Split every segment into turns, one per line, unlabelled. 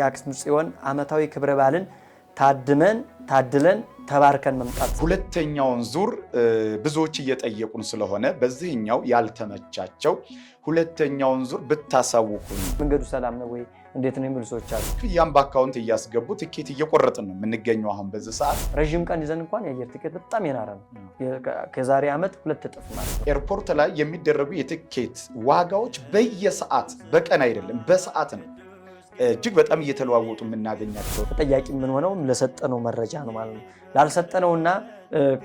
የአክስሙ ጽዮን ዓመታዊ ክብረ በዓልን ታድመን ታድለን ተባርከን መምጣት።
ሁለተኛውን ዙር ብዙዎች እየጠየቁን ስለሆነ በዚህኛው ያልተመቻቸው ሁለተኛውን ዙር ብታሳውቁ።
መንገዱ ሰላም ነው ወይ እንዴት ነው የሚሉ ሰዎች አሉ።
ክፍያም በአካውንት እያስገቡ ትኬት እየቆረጥን ነው የምንገኘው። አሁን በዚህ ሰዓት
ረዥም ቀን ይዘን እንኳን የአየር ትኬት በጣም የናረ ነው። ከዛሬ ዓመት ሁለት እጥፍ ማለት
ነው። ኤርፖርት ላይ የሚደረጉ የትኬት ዋጋዎች በየሰዓት በቀን አይደለም በሰዓት ነው። እጅግ በጣም እየተለዋወጡ የምናገኛቸው።
ተጠያቂ የምንሆነው ለሰጠነው መረጃ ነው ማለት ነው። ላልሰጠነውና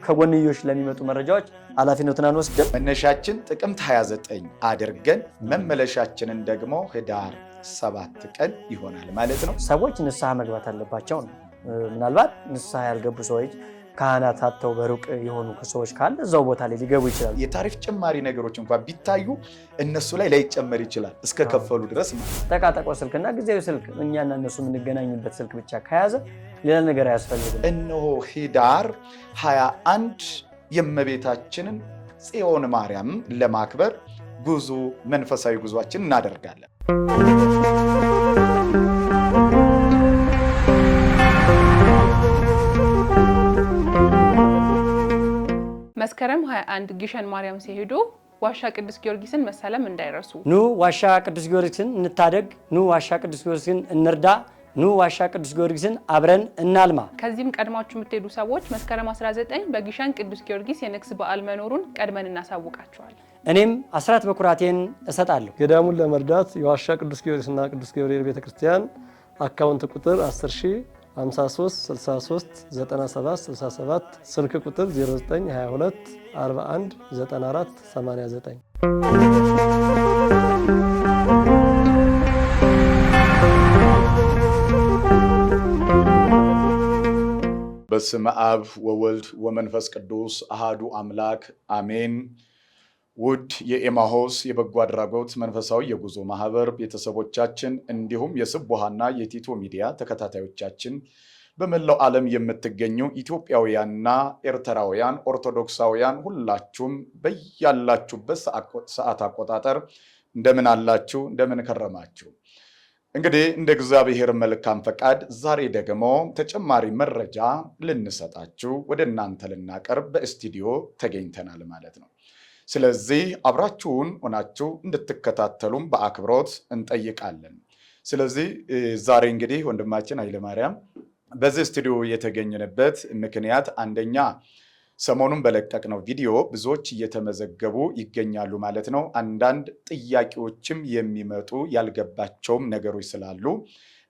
ከጎንዮሽ ለሚመጡ መረጃዎች ኃላፊነቱን አንወስድም።
መነሻችን ጥቅምት 29 አድርገን መመለሻችንን ደግሞ ህዳር ሰባት ቀን ይሆናል ማለት ነው።
ሰዎች ንስሐ መግባት አለባቸው ነው። ምናልባት ንስሐ ያልገቡ ሰዎች ካህናት አጥተው በሩቅ የሆኑ ሰዎች ካለ እዛው ቦታ ላይ ሊገቡ ይችላሉ።
የታሪፍ ጭማሪ ነገሮች እንኳን ቢታዩ እነሱ ላይ ላይጨመር ይችላል እስከ ከፈሉ ድረስ።
ጠቃጠቆ ስልክና ጊዜያዊ ስልክ እኛና እነሱ የምንገናኝበት ስልክ ብቻ ከያዘ ሌላ ነገር አያስፈልግም።
እነሆ ህዳር 21 የእመቤታችንን ጽዮን ማርያም ለማክበር ጉዞ መንፈሳዊ ጉዟችን እናደርጋለን።
መስከረም 21 ጊሸን ማርያም ሲሄዱ ዋሻ ቅዱስ ጊዮርጊስን መሳለም እንዳይረሱ።
ኑ ዋሻ ቅዱስ ጊዮርጊስን እንታደግ፣ ኑ ዋሻ ቅዱስ ጊዮርጊስን እንርዳ፣ ኑ ዋሻ ቅዱስ ጊዮርጊስን አብረን እናልማ።
ከዚህም ቀድማችሁ የምትሄዱ ሰዎች መስከረም 19 በጊሸን ቅዱስ ጊዮርጊስ የንግስ በዓል መኖሩን ቀድመን እናሳውቃቸዋል።
እኔም አስራት በኩራቴን እሰጣለሁ።
ገዳሙን ለመርዳት የዋሻ ቅዱስ ጊዮርጊስና ቅዱስ ገብርኤል ቤተክርስቲያን አካውንት ቁጥር 10 53 63 97 67 ስልክ ቁጥር 0922 41 94 89
በስመ አብ ወወልድ ወመንፈስ ቅዱስ አሃዱ አምላክ አሜን። ውድ የኤማሆስ የበጎ አድራጎት መንፈሳዊ የጉዞ ማህበር ቤተሰቦቻችን እንዲሁም የስቡሀና የቲቶ ሚዲያ ተከታታዮቻችን በመላው ዓለም የምትገኙ ኢትዮጵያውያንና ኤርትራውያን ኦርቶዶክሳውያን ሁላችሁም በያላችሁበት ሰዓት አቆጣጠር እንደምን አላችሁ? እንደምን ከረማችሁ? እንግዲህ እንደ እግዚአብሔር መልካም ፈቃድ ዛሬ ደግሞ ተጨማሪ መረጃ ልንሰጣችሁ ወደ እናንተ ልናቀርብ በስቱዲዮ ተገኝተናል ማለት ነው። ስለዚህ አብራችሁን ሆናችሁ እንድትከታተሉም በአክብሮት እንጠይቃለን። ስለዚህ ዛሬ እንግዲህ ወንድማችን ኃይለማርያም በዚህ ስቱዲዮ የተገኘንበት ምክንያት አንደኛ ሰሞኑን በለቀቅነው ቪዲዮ ብዙዎች እየተመዘገቡ ይገኛሉ ማለት ነው። አንዳንድ ጥያቄዎችም የሚመጡ ያልገባቸውም ነገሮች ስላሉ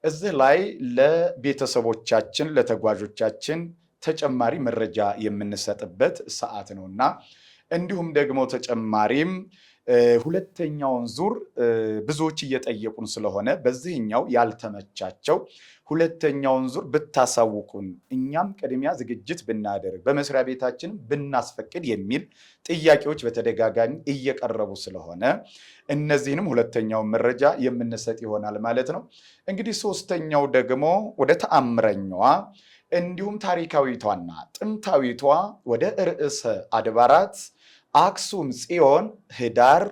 እዚህ ላይ ለቤተሰቦቻችን ለተጓዦቻችን ተጨማሪ መረጃ የምንሰጥበት ሰዓት ነውና እንዲሁም ደግሞ ተጨማሪም ሁለተኛውን ዙር ብዙዎች እየጠየቁን ስለሆነ በዚህኛው ያልተመቻቸው ሁለተኛውን ዙር ብታሳውቁን እኛም ቅድሚያ ዝግጅት ብናደርግ በመስሪያ ቤታችን ብናስፈቅድ የሚል ጥያቄዎች በተደጋጋሚ እየቀረቡ ስለሆነ እነዚህንም ሁለተኛውን መረጃ የምንሰጥ ይሆናል ማለት ነው። እንግዲህ ሶስተኛው ደግሞ ወደ ተአምረኛዋ እንዲሁም ታሪካዊቷና ጥንታዊቷ ወደ ርዕሰ አድባራት አክሱም ጽዮን ህዳር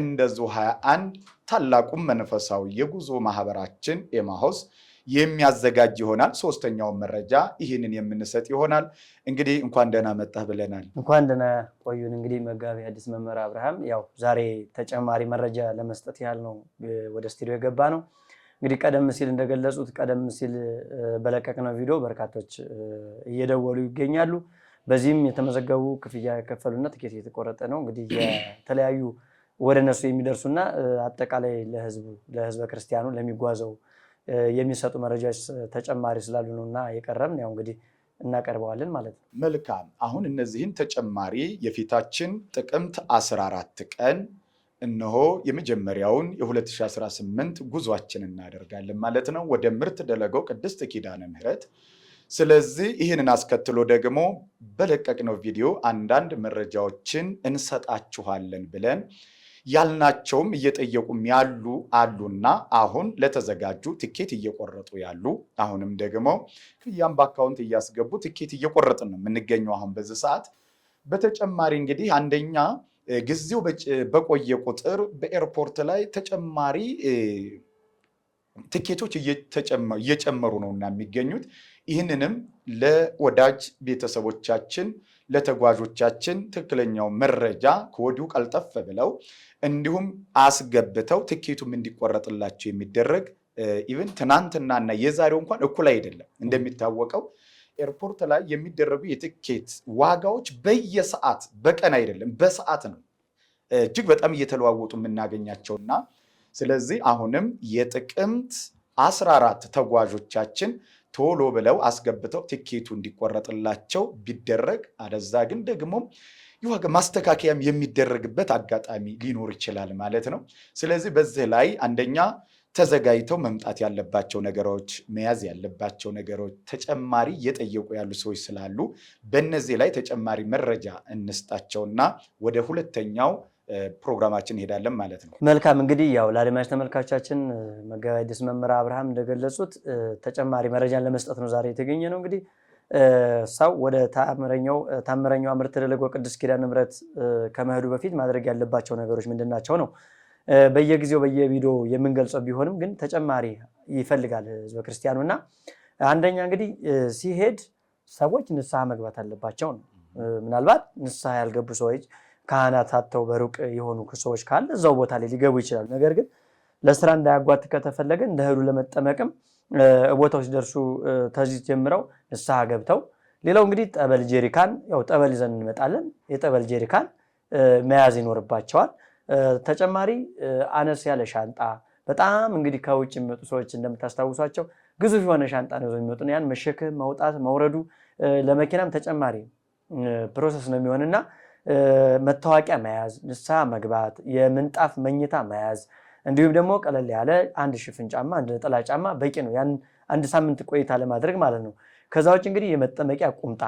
እንደዙ 21 ታላቁም መንፈሳዊ የጉዞ ማህበራችን ኤማሆስ የሚያዘጋጅ ይሆናል። ሶስተኛውን መረጃ ይህንን የምንሰጥ ይሆናል። እንግዲህ እንኳን ደህና መጣህ ብለናል።
እንኳን ደህና ቆዩን። እንግዲህ መጋቢ አዲስ መምህር አብርሃም፣ ያው ዛሬ ተጨማሪ መረጃ ለመስጠት ያህል ነው ወደ ስቱዲዮ የገባ ነው። እንግዲህ ቀደም ሲል እንደገለጹት ቀደም ሲል በለቀቅነው ቪዲዮ በርካቶች እየደወሉ ይገኛሉ። በዚህም የተመዘገቡ ክፍያ የከፈሉና ትኬት የተቆረጠ ነው። እንግዲህ የተለያዩ ወደ እነሱ የሚደርሱና አጠቃላይ ለህዝቡ ለህዝበ ክርስቲያኑ ለሚጓዘው የሚሰጡ መረጃዎች ተጨማሪ ስላሉ ነው እና የቀረብን ያው እንግዲህ እናቀርበዋለን ማለት ነው።
መልካም። አሁን እነዚህን ተጨማሪ የፊታችን ጥቅምት 14 ቀን እነሆ የመጀመሪያውን የ2018 ጉዟችን እናደርጋለን ማለት ነው ወደ ምርት ደለገው ቅድስት ኪዳነ ምሕረት። ስለዚህ ይህንን አስከትሎ ደግሞ በለቀቅነው ቪዲዮ አንዳንድ መረጃዎችን እንሰጣችኋለን ብለን ያልናቸውም እየጠየቁም ያሉ አሉና አሁን ለተዘጋጁ ትኬት እየቆረጡ ያሉ አሁንም ደግሞ ክያም በአካውንት እያስገቡ ትኬት እየቆረጥን ነው የምንገኘው አሁን በዚህ ሰዓት። በተጨማሪ እንግዲህ አንደኛ ጊዜው በቆየ ቁጥር በኤርፖርት ላይ ተጨማሪ ትኬቶች እየጨመሩ ነው እና የሚገኙት ይህንንም ለወዳጅ ቤተሰቦቻችን ለተጓዦቻችን ትክክለኛው መረጃ ከወዲሁ ቀልጠፍ ብለው እንዲሁም አስገብተው ትኬቱም እንዲቆረጥላቸው የሚደረግ ኢቨን ትናንትናና የዛሬው እንኳን እኩል አይደለም እንደሚታወቀው ኤርፖርት ላይ የሚደረጉ የትኬት ዋጋዎች በየሰዓት በቀን አይደለም በሰዓት ነው እጅግ በጣም እየተለዋወጡ የምናገኛቸው እና ስለዚህ አሁንም የጥቅምት 14 ተጓዦቻችን ቶሎ ብለው አስገብተው ትኬቱ እንዲቆረጥላቸው ቢደረግ፣ አለዛ ግን ደግሞ የዋጋ ማስተካከያም የሚደረግበት አጋጣሚ ሊኖር ይችላል ማለት ነው። ስለዚህ በዚህ ላይ አንደኛ ተዘጋጅተው መምጣት ያለባቸው ነገሮች፣ መያዝ ያለባቸው ነገሮች ተጨማሪ እየጠየቁ ያሉ ሰዎች ስላሉ በእነዚህ ላይ ተጨማሪ መረጃ እንስጣቸውና ወደ ሁለተኛው ፕሮግራማችን እንሄዳለን ማለት ነው።
መልካም እንግዲህ ያው ለአድማጭ ተመልካቻችን መጋቢ ሐዲስ መምህር አብርሃም እንደገለጹት ተጨማሪ መረጃን ለመስጠት ነው ዛሬ የተገኘ ነው። እንግዲህ ሰው ወደ ታምረኛው ምርት ተደለጎ ቅዱስ ኪዳን ምረት ከመሄዱ በፊት ማድረግ ያለባቸው ነገሮች ምንድናቸው ነው በየጊዜው በየቪዲዮ የምንገልጸው ቢሆንም ግን ተጨማሪ ይፈልጋል ህዝበ ክርስቲያኑ እና አንደኛ እንግዲህ ሲሄድ ሰዎች ንስሐ መግባት አለባቸው ነው። ምናልባት ንስሐ ያልገቡ ሰዎች ካህናት አጥተው በሩቅ የሆኑ ሰዎች ካለ እዛው ቦታ ላይ ሊገቡ ይችላሉ። ነገር ግን ለስራ እንዳያጓት ከተፈለገ እንደ እህሉ ለመጠመቅም ቦታው ሲደርሱ ተዚ ጀምረው ንስሐ ገብተው ሌላው እንግዲህ ጠበል ጄሪካን፣ ያው ጠበል ይዘን እንመጣለን። የጠበል ጄሪካን መያዝ ይኖርባቸዋል። ተጨማሪ አነስ ያለ ሻንጣ በጣም እንግዲህ ከውጭ የሚመጡ ሰዎች እንደምታስታውሷቸው ግዙፍ የሆነ ሻንጣ ነው ይዘው የሚመጡ ያን መሸክም መውጣት መውረዱ ለመኪናም ተጨማሪ ፕሮሰስ ነው የሚሆንና መታወቂያ መያዝ፣ ንስሐ መግባት፣ የምንጣፍ መኝታ መያዝ እንዲሁም ደግሞ ቀለል ያለ አንድ ሽፍን ጫማ፣ አንድ ነጠላ ጫማ በቂ ነው። ያን አንድ ሳምንት ቆይታ ለማድረግ ማለት ነው። ከዛ ውጭ እንግዲህ የመጠመቂያ ቁምጣ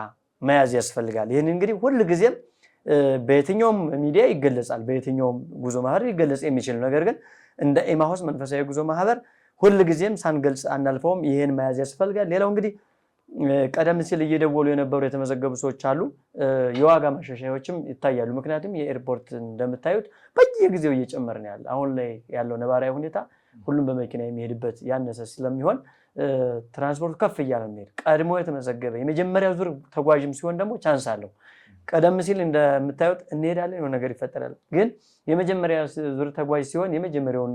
መያዝ ያስፈልጋል። ይህን እንግዲህ ሁል ጊዜም በየትኛውም ሚዲያ ይገለጻል፣ በየትኛውም ጉዞ ማህበር ሊገለጽ የሚችል ነገር ግን እንደ ኤማሁስ መንፈሳዊ ጉዞ ማህበር ሁል ጊዜም ሳንገልጽ አናልፈውም። ይህን መያዝ ያስፈልጋል። ሌላው እንግዲህ ቀደም ሲል እየደወሉ የነበሩ የተመዘገቡ ሰዎች አሉ። የዋጋ ማሻሻያዎችም ይታያሉ። ምክንያቱም የኤርፖርት እንደምታዩት በየጊዜው እየጨመር ነው ያለ። አሁን ላይ ያለው ነባራዊ ሁኔታ ሁሉም በመኪና የሚሄድበት ያነሰ ስለሚሆን ትራንስፖርቱ ከፍ እያለ የሚሄድ ቀድሞ የተመዘገበ የመጀመሪያ ዙር ተጓዥም ሲሆን ደግሞ ቻንስ አለው። ቀደም ሲል እንደምታዩት እንሄዳለን፣ የሆነ ነገር ይፈጠራል። ግን የመጀመሪያ ዙር ተጓዥ ሲሆን የመጀመሪያውን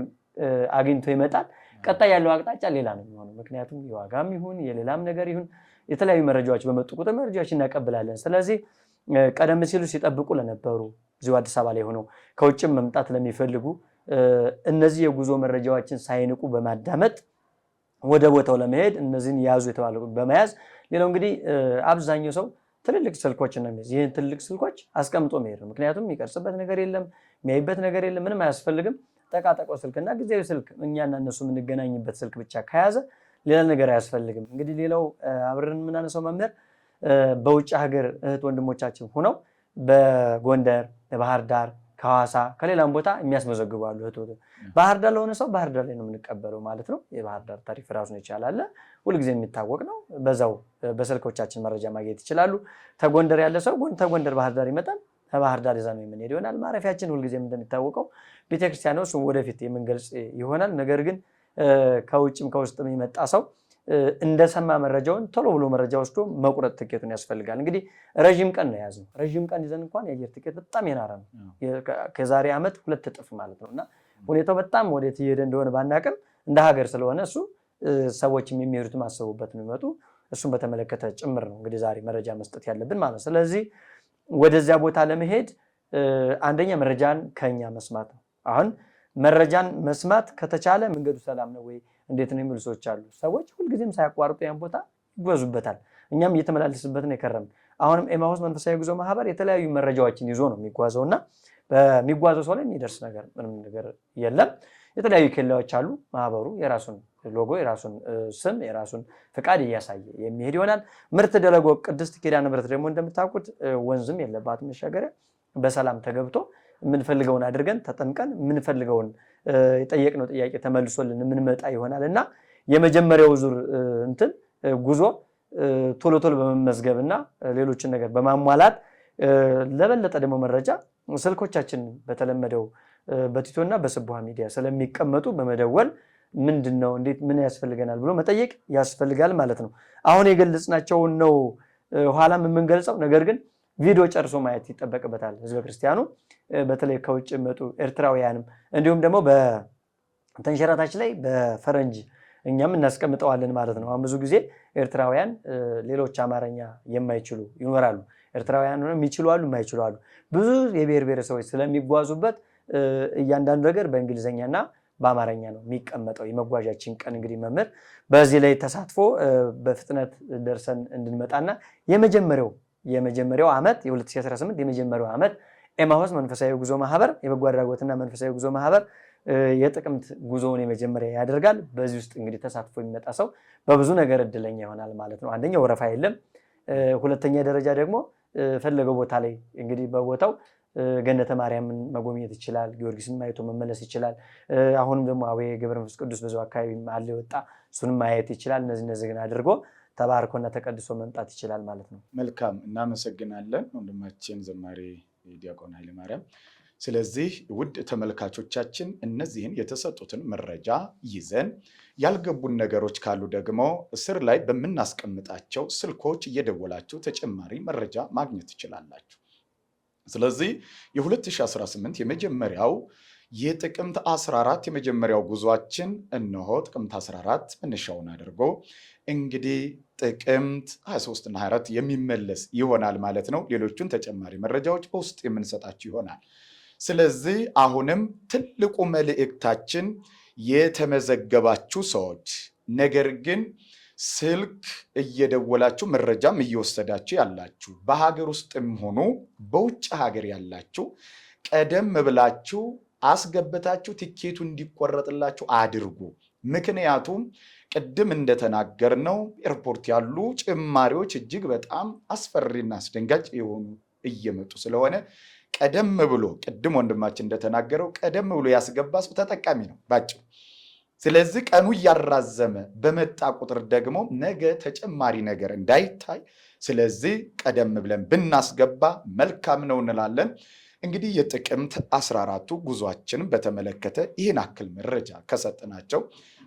አግኝቶ ይመጣል። ቀጣይ ያለው አቅጣጫ ሌላ ነው የሚሆነው። ምክንያቱም የዋጋም ይሁን የሌላም ነገር ይሁን የተለያዩ መረጃዎች በመጡ ቁጥር መረጃዎች እናቀብላለን። ስለዚህ ቀደም ሲሉ ሲጠብቁ ለነበሩ እዚሁ አዲስ አበባ ላይ ሆነው ከውጭም መምጣት ለሚፈልጉ እነዚህ የጉዞ መረጃዎችን ሳይንቁ በማዳመጥ ወደ ቦታው ለመሄድ እነዚህን የያዙ የተባለ በመያዝ ሌላው እንግዲህ አብዛኛው ሰው ትልልቅ ስልኮች ነው የሚይዝ። ይህን ትልልቅ ስልኮች አስቀምጦ መሄድ ነው። ምክንያቱም የሚቀርጽበት ነገር የለም፣ የሚያይበት ነገር የለም፣ ምንም አያስፈልግም። ጠቃጠቆ ስልክና ጊዜያዊ ስልክ እኛና እነሱ የምንገናኝበት ስልክ ብቻ ከያዘ ሌላ ነገር አያስፈልግም። እንግዲህ ሌላው አብረን የምናነሳው መምህር በውጭ ሀገር እህት ወንድሞቻችን ሆነው በጎንደር፣ በባህር ዳር ከሐዋሳ ከሌላም ቦታ የሚያስመዘግቡ አሉ። ባህር ዳር ለሆነ ሰው ባህር ዳር ላይ ነው የምንቀበለው ማለት ነው። የባህር ዳር ታሪክ ነው ይቻላለ ሁልጊዜ የሚታወቅ ነው። በዛው በስልኮቻችን መረጃ ማግኘት ይችላሉ። ተጎንደር ያለ ሰው ተጎንደር ባህር ዳር ይመጣል። ከባህር ዳር ዛ ነው የምንሄድ ይሆናል። ማረፊያችን ሁልጊዜ እንደሚታወቀው ቤተክርስቲያን ነው። እሱ ወደፊት የምንገልጽ ይሆናል። ነገር ግን ከውጭም ከውስጥም የመጣ ሰው እንደሰማ መረጃውን ቶሎ ብሎ መረጃ ወስዶ መቁረጥ ትኬቱን ያስፈልጋል። እንግዲህ ረዥም ቀን ነው የያዝነው። ረዥም ቀን ይዘን እንኳን የአየር ትኬት በጣም የናረ ነው፣ ከዛሬ ዓመት ሁለት እጥፍ ማለት ነው። እና ሁኔታው በጣም ወዴት እየሄደ እንደሆነ ባናቅም እንደ ሀገር ስለሆነ እሱ ሰዎችም የሚሄዱት ማሰቡበት የሚመጡ እሱን በተመለከተ ጭምር ነው እንግዲህ ዛሬ መረጃ መስጠት ያለብን ማለት ነው። ስለዚህ ወደዚያ ቦታ ለመሄድ አንደኛ መረጃን ከኛ መስማት ነው። አሁን መረጃን መስማት ከተቻለ መንገዱ ሰላም ነው ወይ እንዴት ነው የሚሉ ሰዎች አሉ። ሰዎች ሁልጊዜም ሳያቋርጡ ያን ቦታ ይጓዙበታል። እኛም እየተመላለስበት ነው የከረም። አሁንም ኤማሁስ መንፈሳዊ ጉዞ ማህበር የተለያዩ መረጃዎችን ይዞ ነው የሚጓዘው እና በሚጓዘው ሰው ላይ የሚደርስ ነገር ምንም ነገር የለም። የተለያዩ ኬላዎች አሉ። ማህበሩ የራሱን ሎጎ፣ የራሱን ስም፣ የራሱን ፍቃድ እያሳየ የሚሄድ ይሆናል። ምርት ደለጎ ቅድስት ኪዳነ ምሕረት ደግሞ እንደምታውቁት ወንዝም የለባት መሻገሪያ በሰላም ተገብቶ የምንፈልገውን አድርገን ተጠምቀን የምንፈልገውን የጠየቅነው ጥያቄ ተመልሶልን የምንመጣ ይሆናል እና የመጀመሪያው ዙር እንትን ጉዞ ቶሎ ቶሎ በመመዝገብ እና ሌሎችን ነገር በማሟላት ለበለጠ ደግሞ መረጃ ስልኮቻችን በተለመደው እና በስቡሀ ሚዲያ ስለሚቀመጡ በመደወል ምንድን ነው እንዴት ምን ያስፈልገናል ብሎ መጠየቅ ያስፈልጋል ማለት ነው። አሁን የገለጽናቸውን ነው ኋላም የምንገልጸው ነገር ግን ቪዲዮ ጨርሶ ማየት ይጠበቅበታል ህዝበ ክርስቲያኑ። በተለይ ከውጭ የመጡ ኤርትራውያንም እንዲሁም ደግሞ በተንሸራታች ላይ በፈረንጅ እኛም እናስቀምጠዋለን ማለት ነው። አሁን ብዙ ጊዜ ኤርትራውያን ሌሎች አማርኛ የማይችሉ ይኖራሉ። ኤርትራውያን የሚችሉ አሉ፣ የማይችሉ አሉ። ብዙ የብሔር ብሔረሰቦች ስለሚጓዙበት እያንዳንዱ ነገር በእንግሊዝኛና በአማርኛ ነው የሚቀመጠው። የመጓዣችን ቀን እንግዲህ መምህር በዚህ ላይ ተሳትፎ በፍጥነት ደርሰን እንድንመጣና የመጀመሪያው የመጀመሪያው ዓመት የ2018 የመጀመሪያው ዓመት ኤማሆስ መንፈሳዊ ጉዞ ማህበር የበጎ አድራጎትና መንፈሳዊ ጉዞ ማህበር የጥቅምት ጉዞውን የመጀመሪያ ያደርጋል። በዚህ ውስጥ እንግዲህ ተሳትፎ የሚመጣ ሰው በብዙ ነገር እድለኛ ይሆናል ማለት ነው። አንደኛ ወረፋ የለም። ሁለተኛ ደረጃ ደግሞ ፈለገው ቦታ ላይ እንግዲህ በቦታው ገነተ ማርያምን መጎብኘት ይችላል። ጊዮርጊስን ማየቶ መመለስ ይችላል። አሁንም ደግሞ አቡነ ገብረ መንፈስ ቅዱስ በዛው አካባቢ አለ የወጣ እሱንም ማየት ይችላል። እነዚህ እነዚህ ግን አድርጎ ተባርኮና ተቀድሶ መምጣት ይችላል ማለት ነው።
መልካም እናመሰግናለን ወንድማችን ዘማሪ ዲያቆን ኃይለማርያም። ስለዚህ ውድ ተመልካቾቻችን እነዚህን የተሰጡትን መረጃ ይዘን ያልገቡን ነገሮች ካሉ ደግሞ ስር ላይ በምናስቀምጣቸው ስልኮች እየደወላችሁ ተጨማሪ መረጃ ማግኘት ትችላላችሁ። ስለዚህ የ2018 የመጀመሪያው የጥቅምት 14 የመጀመሪያው ጉዟችን እነሆ ጥቅምት 14 መነሻውን አድርጎ እንግዲህ ጥቅምት 23 እና 24 የሚመለስ ይሆናል ማለት ነው። ሌሎቹን ተጨማሪ መረጃዎች በውስጥ የምንሰጣችሁ ይሆናል። ስለዚህ አሁንም ትልቁ መልእክታችን የተመዘገባችሁ ሰዎች ነገር ግን ስልክ እየደወላችሁ መረጃም እየወሰዳችሁ ያላችሁ በሀገር ውስጥም ሆኖ በውጭ ሀገር ያላችሁ ቀደም ብላችሁ አስገብታችሁ ትኬቱ እንዲቆረጥላችሁ አድርጉ። ምክንያቱም ቅድም እንደተናገርነው ኤርፖርት ያሉ ጭማሪዎች እጅግ በጣም አስፈሪና አስደንጋጭ የሆኑ እየመጡ ስለሆነ ቀደም ብሎ ቅድም ወንድማችን እንደተናገረው ቀደም ብሎ ያስገባ ሰው ተጠቃሚ ነው ባጭሩ። ስለዚህ ቀኑ እያራዘመ በመጣ ቁጥር ደግሞ ነገ ተጨማሪ ነገር እንዳይታይ፣ ስለዚህ ቀደም ብለን ብናስገባ መልካም ነው እንላለን። እንግዲህ የጥቅምት 14ቱ ጉዟችን በተመለከተ ይህን አክል መረጃ ከሰጥናቸው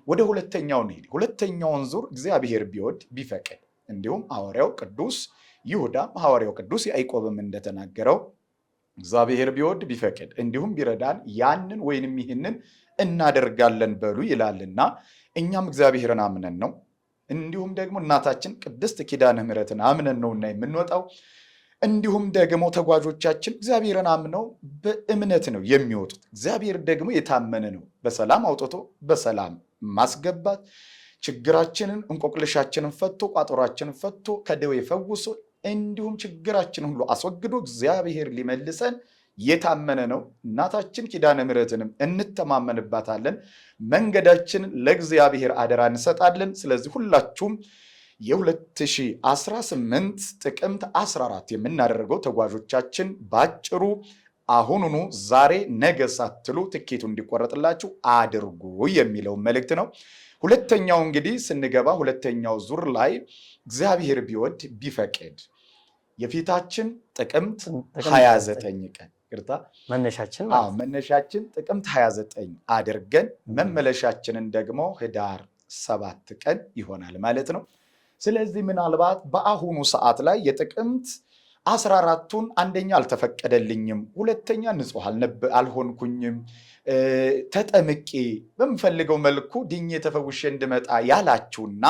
ወደ ሁለተኛው ሄድ ሁለተኛውን ዙር እግዚአብሔር ቢወድ ቢፈቅድ፣ እንዲሁም ሐዋርያው ቅዱስ ይሁዳ ሐዋርያው ቅዱስ ያዕቆብም እንደተናገረው እግዚአብሔር ቢወድ ቢፈቅድ እንዲሁም ቢረዳን ያንን ወይንም ይህንን እናደርጋለን በሉ ይላልና እኛም እግዚአብሔርን አምነን ነው እንዲሁም ደግሞ እናታችን ቅድስት ኪዳነ ምሕረትን አምነን ነውና የምንወጣው እንዲሁም ደግሞ ተጓዦቻችን እግዚአብሔርን አምነው በእምነት ነው የሚወጡት። እግዚአብሔር ደግሞ የታመነ ነው። በሰላም አውጥቶ በሰላም ማስገባት፣ ችግራችንን እንቆቅልሻችንን ፈቶ ቋጠሯችንን ፈቶ ከደዌ ፈውሶ እንዲሁም ችግራችን ሁሉ አስወግዶ እግዚአብሔር ሊመልሰን የታመነ ነው። እናታችን ኪዳነ ምሕረትንም እንተማመንባታለን። መንገዳችንን ለእግዚአብሔር አደራ እንሰጣለን። ስለዚህ ሁላችሁም የ2018 ጥቅምት 14 የምናደርገው ተጓዦቻችን ባጭሩ አሁኑኑ ዛሬ ነገ ሳትሉ ትኬቱ እንዲቆረጥላችሁ አድርጉ የሚለውን መልእክት ነው። ሁለተኛው እንግዲህ ስንገባ ሁለተኛው ዙር ላይ እግዚአብሔር ቢወድ ቢፈቅድ የፊታችን ጥቅምት 29 ቀን ቅርታ መነሻችን መነሻችን ጥቅምት 29 አድርገን መመለሻችንን ደግሞ ህዳር ሰባት ቀን ይሆናል ማለት ነው። ስለዚህ ምናልባት በአሁኑ ሰዓት ላይ የጥቅምት አስራ አራቱን አንደኛ አልተፈቀደልኝም፣ ሁለተኛ ንጹህ አልሆንኩኝም፣ ተጠምቄ በምፈልገው መልኩ ድኜ ተፈውሼ እንድመጣ ያላችሁና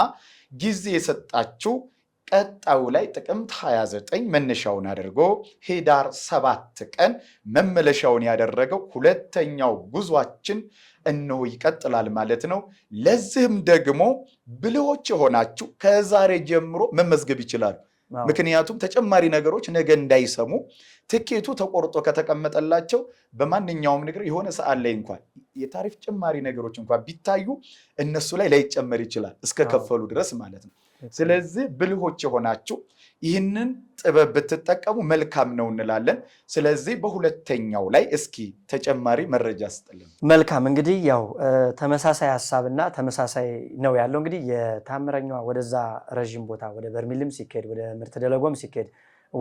ጊዜ የሰጣችሁ ቀጣዩ ላይ ጥቅምት 29 መነሻውን አድርጎ ሄዳር ሰባት ቀን መመለሻውን ያደረገው ሁለተኛው ጉዟችን እነሆ ይቀጥላል ማለት ነው። ለዚህም ደግሞ ብልሆች የሆናችሁ ከዛሬ ጀምሮ መመዝገብ ይችላሉ። ምክንያቱም ተጨማሪ ነገሮች ነገ እንዳይሰሙ ትኬቱ ተቆርጦ ከተቀመጠላቸው በማንኛውም ነገር የሆነ ሰዓት ላይ እንኳን የታሪፍ ጭማሪ ነገሮች እንኳን ቢታዩ እነሱ ላይ ላይጨመር ይችላል እስከከፈሉ ድረስ ማለት ነው። ስለዚህ ብልሆች የሆናችሁ ይህንን ጥበብ ብትጠቀሙ መልካም ነው እንላለን። ስለዚህ በሁለተኛው ላይ እስኪ ተጨማሪ መረጃ ስጥልን።
መልካም እንግዲህ ያው ተመሳሳይ ሀሳብና ተመሳሳይ ነው ያለው እንግዲህ የታምረኛ ወደዛ ረዥም ቦታ ወደ በርሚልም ሲካሄድ ወደ ምርት ደለጎም ሲካሄድ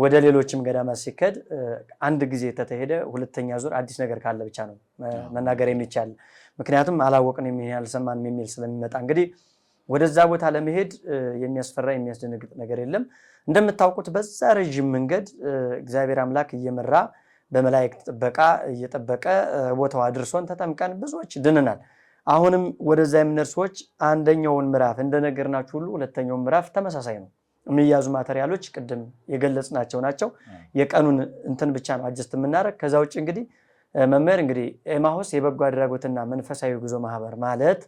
ወደ ሌሎችም ገዳማት ሲካሄድ አንድ ጊዜ ተተሄደ ሁለተኛ ዙር አዲስ ነገር ካለ ብቻ ነው መናገር የሚቻል ምክንያቱም አላወቅን ይህን የሚል ስለሚመጣ እንግዲህ ወደዛ ቦታ ለመሄድ የሚያስፈራ የሚያስደነግጥ ነገር የለም። እንደምታውቁት በዛ ረዥም መንገድ እግዚአብሔር አምላክ እየመራ በመላእክት ጥበቃ እየጠበቀ ቦታው አድርሶን ተጠምቀን ብዙዎች ድንናል። አሁንም ወደዛ የምንሄድ ሰዎች አንደኛውን ምዕራፍ እንደነገርናችሁ ሁሉ ሁለተኛውን ምዕራፍ ተመሳሳይ ነው። የሚያዙ ማቴሪያሎች ቅድም የገለጽናቸው ናቸው። የቀኑን እንትን ብቻ ነው አጀስት የምናደርግ። ከዛ ውጭ እንግዲህ መምህር እንግዲህ ኤማሁስ የበጎ አድራጎትና መንፈሳዊ ጉዞ ማህበር ማለት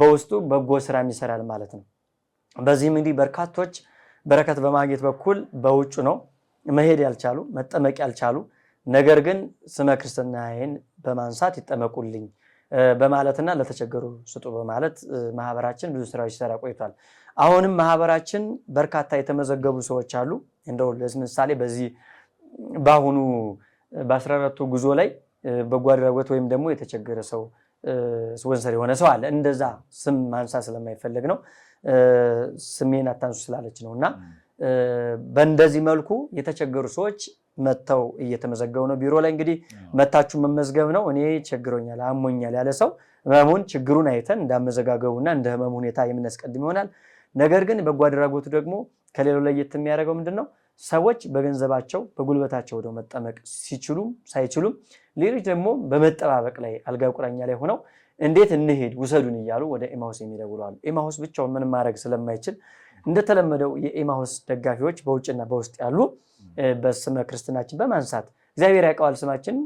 በውስጡ በጎ ስራም ይሰራል ማለት ነው። በዚህም እንግዲህ በርካቶች በረከት በማግኘት በኩል በውጭ ነው መሄድ ያልቻሉ መጠመቅ ያልቻሉ፣ ነገር ግን ስመ ክርስትናዬን በማንሳት ይጠመቁልኝ በማለትና ለተቸገሩ ስጡ በማለት ማህበራችን ብዙ ስራዎች ሲሰራ ቆይቷል። አሁንም ማህበራችን በርካታ የተመዘገቡ ሰዎች አሉ። እንደው ለምሳሌ በዚህ በአሁኑ በአስራ አራቱ ጉዞ ላይ በጎ አድራጎት ወይም ደግሞ የተቸገረ ሰው ስፖንሰር የሆነ ሰው አለ። እንደዛ ስም ማንሳት ስለማይፈለግ ነው ስሜን አታንሱ ስላለች ነው። እና በእንደዚህ መልኩ የተቸገሩ ሰዎች መጥተው እየተመዘገቡ ነው። ቢሮ ላይ እንግዲህ መታችሁ መመዝገብ ነው። እኔ ቸግሮኛል፣ አሞኛል ያለ ሰው ህመሙን፣ ችግሩን አይተን እንዳመዘጋገቡና እንደ ህመሙ ሁኔታ የምናስቀድም ይሆናል። ነገር ግን በጎ አድራጎቱ ደግሞ ከሌላው ለየት የሚያደርገው ምንድን ነው? ሰዎች በገንዘባቸው በጉልበታቸው ወደው መጠመቅ ሲችሉም ሳይችሉም፣ ሌሎች ደግሞ በመጠባበቅ ላይ አልጋ ቁራኛ ላይ ሆነው እንዴት እንሄድ ውሰዱን እያሉ ወደ ኤማሁስ የሚደውሉ አሉ። ኤማሁስ ብቻውን ምን ማድረግ ስለማይችል እንደተለመደው የኤማሁስ ደጋፊዎች በውጭና በውስጥ ያሉ በስመ ክርስትናችን በማንሳት እግዚአብሔር ያውቀዋል ስማችን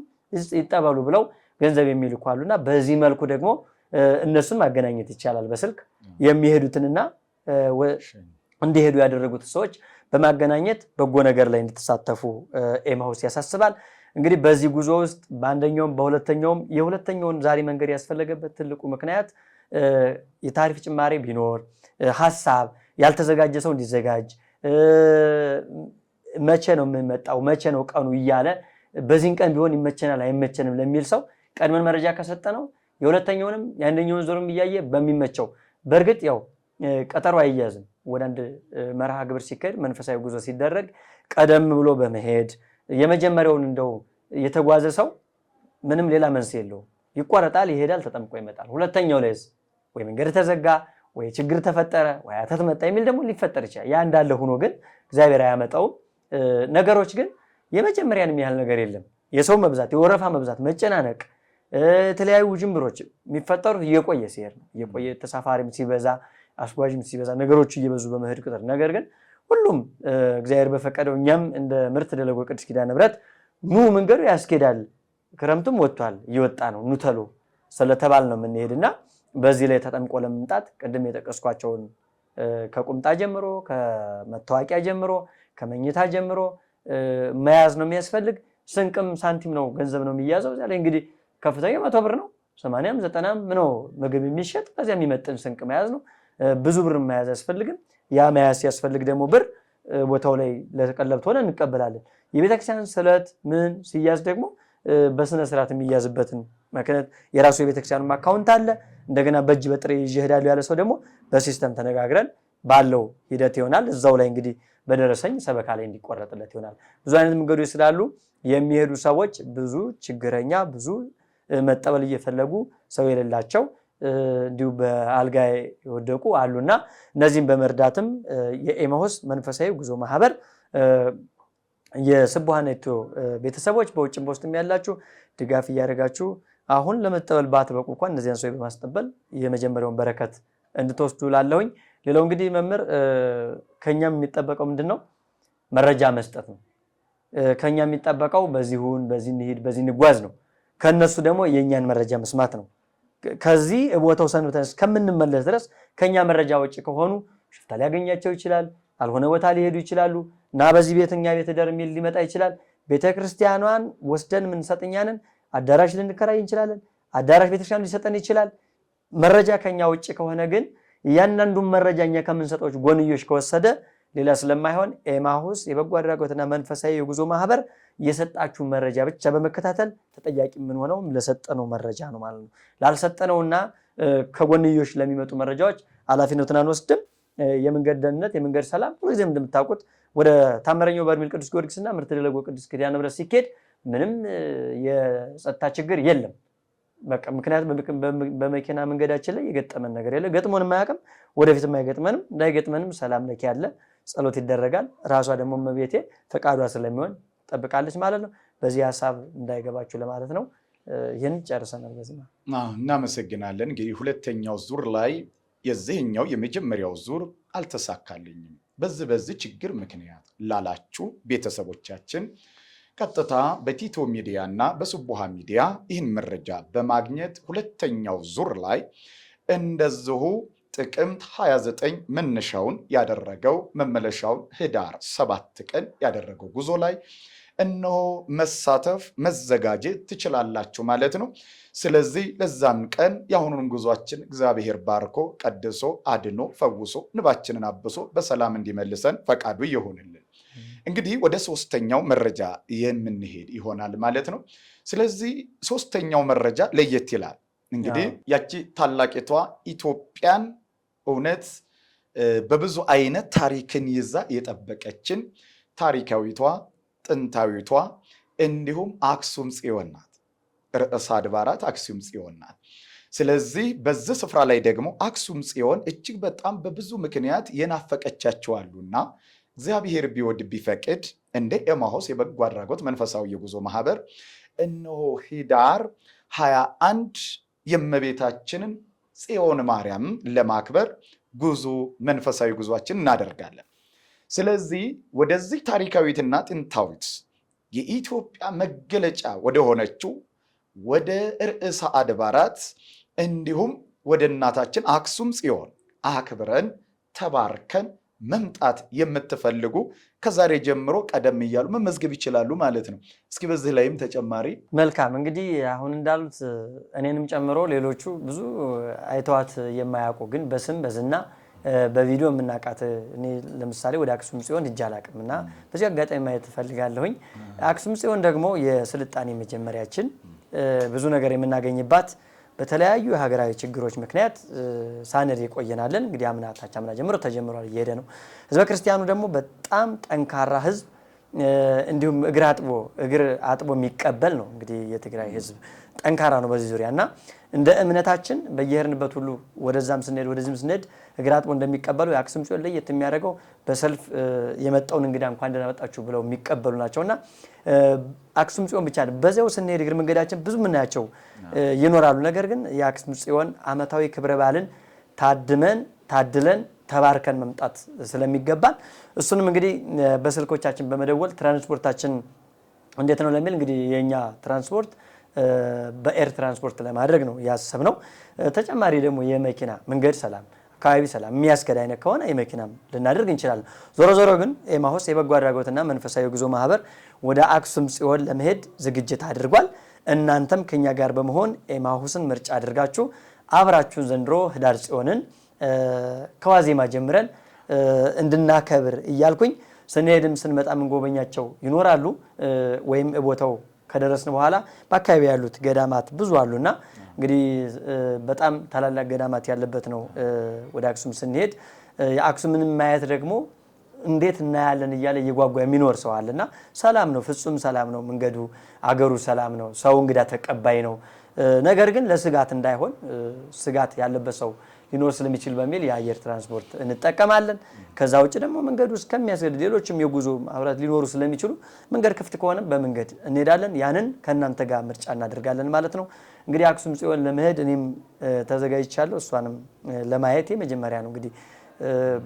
ይጠበሉ ብለው ገንዘብ የሚልኩ አሉና በዚህ መልኩ ደግሞ እነሱን ማገናኘት ይቻላል። በስልክ የሚሄዱትንና እንዲሄዱ ያደረጉት ሰዎች በማገናኘት በጎ ነገር ላይ እንድትሳተፉ ኤማሁስ ያሳስባል። እንግዲህ በዚህ ጉዞ ውስጥ በአንደኛውም በሁለተኛውም የሁለተኛውን ዛሬ መንገድ ያስፈለገበት ትልቁ ምክንያት የታሪፍ ጭማሪ ቢኖር ሀሳብ ያልተዘጋጀ ሰው እንዲዘጋጅ መቼ ነው የምንመጣው መቼ ነው ቀኑ እያለ በዚህን ቀን ቢሆን ይመቸናል አይመቸንም ለሚል ሰው ቀድመን መረጃ ከሰጠ ነው የሁለተኛውንም የአንደኛውን ዞርም እያየ በሚመቸው በእርግጥ ያው ቀጠሮ አይያዝም ወደ አንድ መርሃ ግብር ሲካሄድ መንፈሳዊ ጉዞ ሲደረግ ቀደም ብሎ በመሄድ የመጀመሪያውን እንደው የተጓዘ ሰው ምንም ሌላ መንስኤ የለውም። ይቋረጣል፣ ይሄዳል፣ ተጠምቆ ይመጣል። ሁለተኛው ላይ ወይ መንገድ ተዘጋ፣ ወይ ችግር ተፈጠረ፣ ወይ አተት መጣ የሚል ደግሞ ሊፈጠር ይችላል። ያ እንዳለ ሆኖ ግን እግዚአብሔር አያመጣውም። ነገሮች ግን የመጀመሪያን ያህል ነገር የለም። የሰው መብዛት፣ የወረፋ መብዛት፣ መጨናነቅ፣ የተለያዩ ውዥንብሮች የሚፈጠሩት እየቆየ ሲሄድ ነው። እየቆየ ተሳፋሪም ሲበዛ አስጓዥም ሲበዛ ነገሮች እየበዙ በመሄድ ቁጥር ነገር ግን ሁሉም እግዚአብሔር በፈቀደው እኛም እንደ ምርት ደለጎ ቅዱስ ኪዳነ ምሕረት ኑ መንገዱ ያስኬዳል። ክረምቱም ወጥቷል፣ እየወጣ ነው። ኑ ተሎ ስለተባል ነው የምንሄድና በዚህ ላይ ተጠምቆ ለመምጣት ቅድም የጠቀስኳቸውን ከቁምጣ ጀምሮ ከመታወቂያ ጀምሮ ከመኝታ ጀምሮ መያዝ ነው የሚያስፈልግ። ስንቅም ሳንቲም ነው ገንዘብ ነው የሚያዘው። እዚያ ላይ እንግዲህ ከፍተኛ መቶ ብር ነው ሰማንያም ዘጠናም ምነው ምግብ የሚሸጥ በዚያ የሚመጥን ስንቅ መያዝ ነው። ብዙ ብር መያዝ አያስፈልግም። ያ መያዝ ሲያስፈልግ ደግሞ ብር ቦታው ላይ ለተቀለብት ሆነ እንቀበላለን። የቤተክርስቲያን ስዕለት ምን ሲያዝ ደግሞ በስነ ስርዓት የሚያዝበትን ምክንያት የራሱ የቤተክርስቲያን አካውንት አለ። እንደገና በእጅ በጥሬ ይዤ እሄዳለሁ ያለ ሰው ደግሞ በሲስተም ተነጋግረን ባለው ሂደት ይሆናል። እዛው ላይ እንግዲህ በደረሰኝ ሰበካ ላይ እንዲቆረጥለት ይሆናል። ብዙ አይነት መንገዶች ስላሉ የሚሄዱ ሰዎች ብዙ ችግረኛ ብዙ መጠበል እየፈለጉ ሰው የሌላቸው እንዲሁ በአልጋ የወደቁ አሉና እነዚህም በመርዳትም የኤማሆስ መንፈሳዊ ጉዞ ማህበር የስቡሃኔቶ ቤተሰቦች በውጭም በውስጥም ያላችሁ ድጋፍ እያደረጋችሁ አሁን ለመጠበል ባትበቁ እንኳን እነዚያን ሰዎች በማስጠበል የመጀመሪያውን በረከት እንድትወስዱ ላለሁኝ። ሌላው እንግዲህ መምህር ከኛም የሚጠበቀው ምንድን ነው? መረጃ መስጠት ነው። ከኛ የሚጠበቀው በዚሁን በዚህ እንሂድ በዚህ እንጓዝ ነው። ከእነሱ ደግሞ የእኛን መረጃ መስማት ነው። ከዚህ ቦታው ሰንብተን እስከምንመለስ ድረስ ከኛ መረጃ ውጭ ከሆኑ ሽፍታ ሊያገኛቸው ይችላል። አልሆነ ቦታ ሊሄዱ ይችላሉ እና በዚህ ቤት እኛ ቤት የሚል ሊመጣ ይችላል። ቤተክርስቲያኗን ወስደን የምንሰጥኛንን አዳራሽ ልንከራይ እንችላለን። አዳራሽ ቤተክርስቲያን ሊሰጠን ይችላል። መረጃ ከኛ ውጭ ከሆነ ግን እያንዳንዱን መረጃ እኛ ከምንሰጠዎች ጎንዮሽ ከወሰደ ሌላ ስለማይሆን ኤማሁስ የበጎ አድራጎትና መንፈሳዊ የጉዞ ማህበር የሰጣችሁ መረጃ ብቻ በመከታተል ተጠያቂ የምንሆነው ለሰጠነው መረጃ ነው ማለት ነው። ላልሰጠነውና ከጎንዮሽ ለሚመጡ መረጃዎች ኃላፊነቱን አንወስድም። የመንገድ ደህንነት፣ የመንገድ ሰላም ሁልጊዜም እንደምታውቁት ወደ ታመረኛው በርሜል ቅዱስ ጊዮርጊስና ምርት ደለጎ ቅዱስ ኪዳነ ምሕረት ሲኬድ ምንም የጸጥታ ችግር የለም። ምክንያቱም በመኪና መንገዳችን ላይ የገጠመን ነገር የለ፣ ገጥሞን አያውቅም ወደፊት አይገጥመንም እንዳይገጥመንም ሰላም ለኪ ያለ ጸሎት ይደረጋል። ራሷ ደግሞ እመቤቴ ፈቃዷ ስለሚሆን ጠብቃለች ማለት ነው። በዚህ ሀሳብ እንዳይገባችሁ ለማለት ነው። ይህን ጨርሰናል። በዚህ
እናመሰግናለን። እንግዲህ ሁለተኛው ዙር ላይ የዚህኛው የመጀመሪያው ዙር አልተሳካልኝም በዚህ በዚህ ችግር ምክንያት ላላችሁ ቤተሰቦቻችን ቀጥታ በቲቶ ሚዲያ እና በስቡሃ ሚዲያ ይህን መረጃ በማግኘት ሁለተኛው ዙር ላይ እንደዚሁ ጥቅምት 29 መነሻውን ያደረገው መመለሻውን ህዳር 7 ቀን ያደረገው ጉዞ ላይ እነሆ መሳተፍ መዘጋጀት ትችላላችሁ ማለት ነው። ስለዚህ ለዛን ቀን የአሁኑን ጉዟችን እግዚአብሔር ባርኮ ቀድሶ አድኖ ፈውሶ ንባችንን አብሶ በሰላም እንዲመልሰን ፈቃዱ ይሆንልን። እንግዲህ ወደ ሶስተኛው መረጃ የምንሄድ ይሆናል ማለት ነው። ስለዚህ ሶስተኛው መረጃ ለየት ይላል። እንግዲህ ያቺ ታላቂቷ ኢትዮጵያን እውነት በብዙ አይነት ታሪክን ይዛ የጠበቀችን ታሪካዊቷ ጥንታዊቷ እንዲሁም አክሱም ጽዮን ናት። ርዕሰ አድባራት አክሱም ጽዮን ናት። ስለዚህ በዚህ ስፍራ ላይ ደግሞ አክሱም ጽዮን እጅግ በጣም በብዙ ምክንያት የናፈቀቻቸው አሉና እግዚአብሔር ቢወድ ቢፈቅድ እንደ ኤማሆስ የበጎ አድራጎት መንፈሳዊ የጉዞ ማህበር እነሆ ሂዳር 21 የእመቤታችንን ጽዮን ማርያም ለማክበር ጉዞ መንፈሳዊ ጉዟችን እናደርጋለን። ስለዚህ ወደዚህ ታሪካዊትና ጥንታዊት የኢትዮጵያ መገለጫ ወደሆነችው ወደ ርዕሰ አድባራት እንዲሁም ወደ እናታችን አክሱም ጽዮን አክብረን ተባርከን መምጣት የምትፈልጉ ከዛሬ ጀምሮ ቀደም እያሉ መመዝገብ ይችላሉ ማለት ነው። እስኪ በዚህ ላይም ተጨማሪ
መልካም እንግዲህ አሁን እንዳሉት እኔንም ጨምሮ ሌሎቹ ብዙ አይተዋት የማያውቁ ግን በስም በዝና በቪዲዮ የምናውቃት እኔ ለምሳሌ ወደ አክሱም ጽዮን ሂጄ አላውቅም እና በዚህ አጋጣሚ ማየት እፈልጋለሁኝ። አክሱም ጽዮን ደግሞ የስልጣኔ መጀመሪያችን ብዙ ነገር የምናገኝባት በተለያዩ የሀገራዊ ችግሮች ምክንያት ሳንድ የቆየናለን። እንግዲህ አምና ታች አምና ጀምሮ ተጀምሯል፣ እየሄደ ነው። ህዝበ ክርስቲያኑ ደግሞ በጣም ጠንካራ ህዝብ እንዲሁም እግር አጥቦ እግር አጥቦ የሚቀበል ነው። እንግዲህ የትግራይ ህዝብ ጠንካራ ነው በዚህ ዙሪያ እና እንደ እምነታችን በየሄድንበት ሁሉ ወደዛም ስንሄድ ወደዚህም ስንሄድ እግር አጥቦ እንደሚቀበሉ የአክሱም ጽዮን ለየት የሚያደርገው በሰልፍ የመጣውን እንግዳ እንኳን ደህና መጣችሁ ብለው የሚቀበሉ ናቸውና አክሱም ጽዮን ብቻ ነው። በዚያው ስንሄድ እግር መንገዳችን ብዙ የምናያቸው ይኖራሉ። ነገር ግን የአክሱም ጽዮን ዓመታዊ ክብረ በዓልን ታድመን ታድለን ተባርከን መምጣት ስለሚገባን እሱንም እንግዲህ በስልኮቻችን በመደወል ትራንስፖርታችን እንዴት ነው ለሚል እንግዲህ የእኛ ትራንስፖርት በኤር ትራንስፖርት ለማድረግ ነው ነው። ተጨማሪ ደግሞ የመኪና መንገድ ሰላም አካባቢ ሰላም የሚያስገድ አይነት ከሆነ የመኪናም ልናደርግ እንችላለን። ዞሮ ዞሮ ግን ኤማሆስ የበጎ አድራጎትና መንፈሳዊ ጉዞ ማህበር ወደ አክሱም ጽዮን ለመሄድ ዝግጅት አድርጓል። እናንተም ከኛ ጋር በመሆን ኤማሆስን ምርጫ አድርጋችሁ አብራችሁን ዘንድሮ ህዳር ጽዮንን ከዋዜማ ጀምረን እንድናከብር እያልኩኝ ስንሄድም ስንመጣም እንጎበኛቸው ይኖራሉ ወይም ቦታው ከደረስን በኋላ በአካባቢ ያሉት ገዳማት ብዙ አሉና እንግዲህ በጣም ታላላቅ ገዳማት ያለበት ነው። ወደ አክሱም ስንሄድ የአክሱምን ማየት ደግሞ እንዴት እናያለን እያለ እየጓጓ የሚኖር ሰው አለና ሰላም ነው፣ ፍጹም ሰላም ነው። መንገዱ አገሩ ሰላም ነው። ሰው እንግዳ ተቀባይ ነው። ነገር ግን ለስጋት እንዳይሆን ስጋት ያለበት ሰው ሊኖር ስለሚችል በሚል የአየር ትራንስፖርት እንጠቀማለን። ከዛ ውጭ ደግሞ መንገዱ እስከሚያስገድድ ሌሎችም የጉዞ ማህበራት ሊኖሩ ስለሚችሉ መንገድ ክፍት ከሆነ በመንገድ እንሄዳለን። ያንን ከእናንተ ጋር ምርጫ እናደርጋለን ማለት ነው። እንግዲህ አክሱም ጽዮን ለመሄድ እኔም ተዘጋጅቻለሁ። እሷንም ለማየት የመጀመሪያ ነው እንግዲህ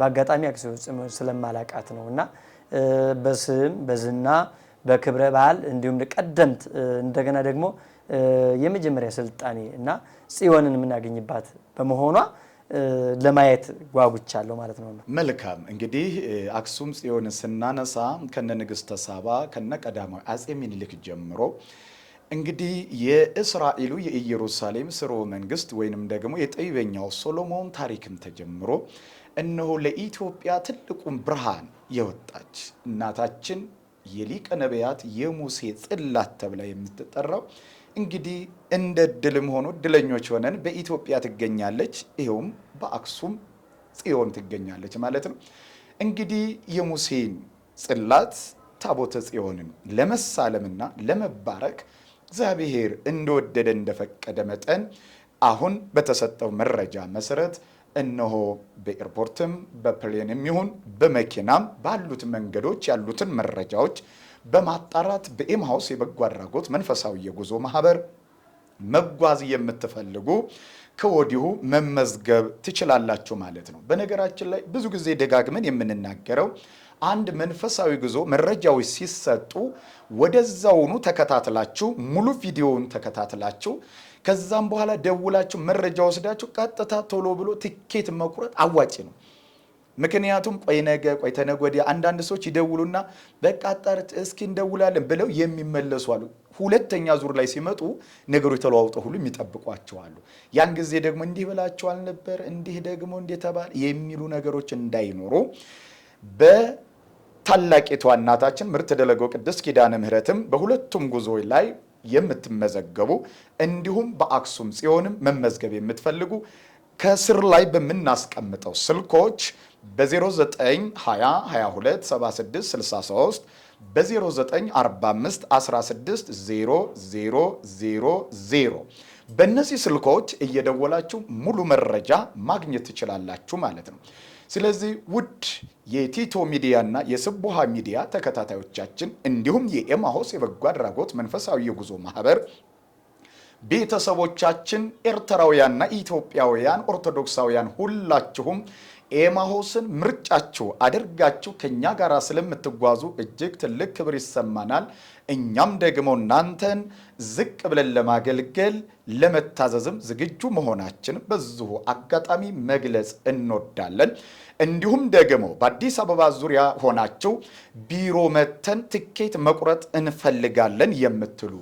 በአጋጣሚ አክሱም ጽዮን ስለማላቃት ነው እና በስም በዝና በክብረ በዓል እንዲሁም ቀደምት እንደገና ደግሞ የመጀመሪያ ስልጣኔ እና ጽዮንን የምናገኝባት በመሆኗ ለማየት ጓጉቻለሁ ማለት ነው።
መልካም እንግዲህ አክሱም ጽዮን ስናነሳ ከነ ንግሥተ ሳባ ከነ ቀዳማዊ አጼ ሚኒሊክ ጀምሮ እንግዲህ የእስራኤሉ የኢየሩሳሌም ስርወ መንግስት ወይንም ደግሞ የጠቢበኛው ሶሎሞን ታሪክም ተጀምሮ እነሆ ለኢትዮጵያ ትልቁን ብርሃን የወጣች እናታችን የሊቀ ነቢያት የሙሴ ጽላት ተብላ የምትጠራው እንግዲህ እንደ ድልም ሆኖ ድለኞች ሆነን በኢትዮጵያ ትገኛለች። ይኸውም በአክሱም ጽዮን ትገኛለች ማለት ነው። እንግዲህ የሙሴን ጽላት ታቦተ ጽዮንን ለመሳለምና ለመባረክ እግዚአብሔር እንደወደደ እንደፈቀደ መጠን አሁን በተሰጠው መረጃ መሰረት እነሆ በኤርፖርትም በፕሌንም ይሁን በመኪናም ባሉት መንገዶች ያሉትን መረጃዎች በማጣራት በኤምሃውስ የበጎ አድራጎት መንፈሳዊ የጉዞ ማህበር መጓዝ የምትፈልጉ ከወዲሁ መመዝገብ ትችላላችሁ ማለት ነው። በነገራችን ላይ ብዙ ጊዜ ደጋግመን የምንናገረው አንድ መንፈሳዊ ጉዞ መረጃዎች ሲሰጡ ወደዛውኑ ተከታትላችሁ ሙሉ ቪዲዮውን ተከታትላችሁ ከዛም በኋላ ደውላችሁ መረጃ ወስዳችሁ ቀጥታ ቶሎ ብሎ ትኬት መቁረጥ አዋጭ ነው። ምክንያቱም ቆይ ነገ ቆይ ተነጎዲ አንዳንድ ሰዎች ይደውሉና በቃ አጣርት እስኪ እንደውላለን ብለው የሚመለሱ አሉ። ሁለተኛ ዙር ላይ ሲመጡ ነገሮች ተለዋውጠው ሁሉ የሚጠብቋቸዋሉ። ያን ጊዜ ደግሞ እንዲህ ብላቸዋል ነበር እንዲህ ደግሞ እንደተባለ የሚሉ ነገሮች እንዳይኖሩ ታላቂቷ እናታችን ምርት ደለገው ቅድስት ኪዳነ ምሕረትም በሁለቱም ጉዞ ላይ የምትመዘገቡ እንዲሁም በአክሱም ጽዮንም መመዝገብ የምትፈልጉ ከስር ላይ በምናስቀምጠው ስልኮች በ0920 22 76 63 በ0945 16 0000 በእነዚህ ስልኮች እየደወላችሁ ሙሉ መረጃ ማግኘት ትችላላችሁ ማለት ነው። ስለዚህ ውድ የቲቶ ሚዲያና የስቡሃ ሚዲያ ተከታታዮቻችን እንዲሁም የኤማሆስ የበጎ አድራጎት መንፈሳዊ የጉዞ ማህበር ቤተሰቦቻችን ኤርትራውያንና ኢትዮጵያውያን ኦርቶዶክሳውያን ሁላችሁም ኤማሆስን ምርጫችሁ አድርጋችሁ ከእኛ ጋር ስለምትጓዙ እጅግ ትልቅ ክብር ይሰማናል። እኛም ደግሞ እናንተን ዝቅ ብለን ለማገልገል ለመታዘዝም ዝግጁ መሆናችን በዚሁ አጋጣሚ መግለጽ እንወዳለን። እንዲሁም ደግሞ በአዲስ አበባ ዙሪያ ሆናችሁ ቢሮ መተን ትኬት መቁረጥ እንፈልጋለን የምትሉ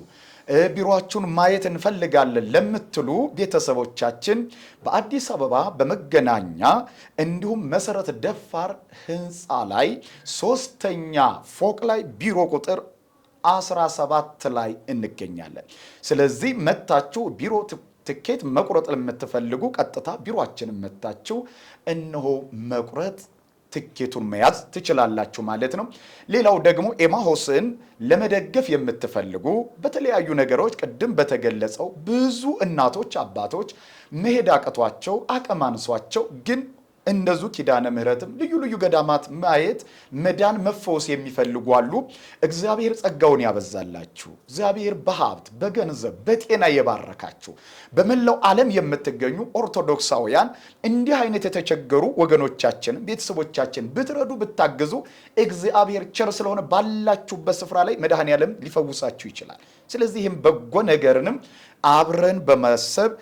ቢሮአችሁን ማየት እንፈልጋለን ለምትሉ ቤተሰቦቻችን በአዲስ አበባ በመገናኛ እንዲሁም መሰረት ደፋር ህንፃ ላይ ሶስተኛ ፎቅ ላይ ቢሮ ቁጥር 17 ላይ እንገኛለን። ስለዚህ መታችሁ ቢሮ ትኬት መቁረጥ ለምትፈልጉ ቀጥታ ቢሮችን መታችሁ እነሆ መቁረጥ ትኬቱን መያዝ ትችላላችሁ ማለት ነው። ሌላው ደግሞ ኤማሆስን ለመደገፍ የምትፈልጉ በተለያዩ ነገሮች ቅድም በተገለጸው ብዙ እናቶች፣ አባቶች መሄድ አቅቷቸው አቅም አንሷቸው ግን እንደዙ ኪዳነ ምሕረትም ልዩ ልዩ ገዳማት ማየት መዳን መፈወስ የሚፈልጉ አሉ። እግዚአብሔር ጸጋውን ያበዛላችሁ፣ እግዚአብሔር በሀብት በገንዘብ በጤና የባረካችሁ በመላው ዓለም የምትገኙ ኦርቶዶክሳውያን እንዲህ አይነት የተቸገሩ ወገኖቻችን፣ ቤተሰቦቻችን ብትረዱ ብታግዙ እግዚአብሔር ቸር ስለሆነ ባላችሁበት ስፍራ ላይ መድኃኔ ዓለም ሊፈውሳችሁ ይችላል። ስለዚህ ይህም በጎ ነገርንም አብረን በማሰብ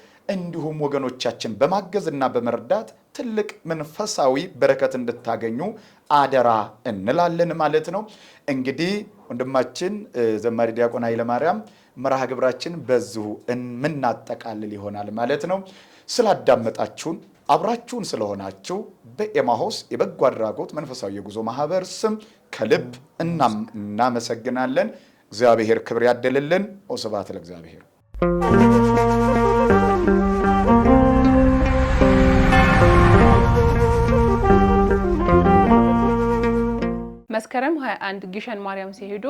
እንዲሁም ወገኖቻችን በማገዝና በመርዳት ትልቅ መንፈሳዊ በረከት እንድታገኙ አደራ እንላለን ማለት ነው። እንግዲህ ወንድማችን ዘማሪ ዲያቆን ኃይለማርያም መርሃ ግብራችን በዚሁ የምናጠቃልል ይሆናል ማለት ነው። ስላዳመጣችሁን አብራችሁን ስለሆናችሁ በኤማሆስ የበጎ አድራጎት መንፈሳዊ የጉዞ ማህበር ስም ከልብ እናመሰግናለን። እግዚአብሔር ክብር ያደልልን። ወስብሐት ለእግዚአብሔር።
መስከረም 21 ጊሸን ማርያም ሲሄዱ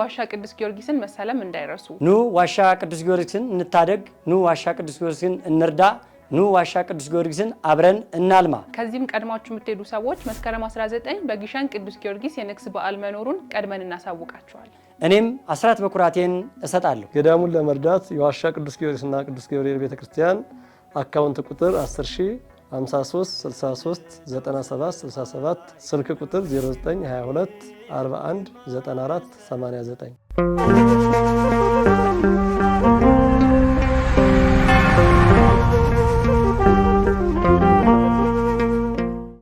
ዋሻ ቅዱስ ጊዮርጊስን መሳለም እንዳይረሱ።
ኑ ዋሻ ቅዱስ ጊዮርጊስን እንታደግ፣ ኑ ዋሻ ቅዱስ ጊዮርጊስን እንርዳ፣ ኑ ዋሻ ቅዱስ ጊዮርጊስን አብረን እናልማ።
ከዚህም ቀድማችሁ የምትሄዱ ሰዎች መስከረም 19 በጊሸን ቅዱስ ጊዮርጊስ የንግስ በዓል መኖሩን ቀድመን እናሳውቃቸዋል።
እኔም አስራት በኩራቴን እሰጣለሁ።
ገዳሙን ለመርዳት የዋሻ ቅዱስ ጊዮርጊስና ቅዱስ ገብርኤል ቤተክርስቲያን አካውንት ቁጥር 10 53 63 97 67 ስልክ ቁጥር 0922 41 94 89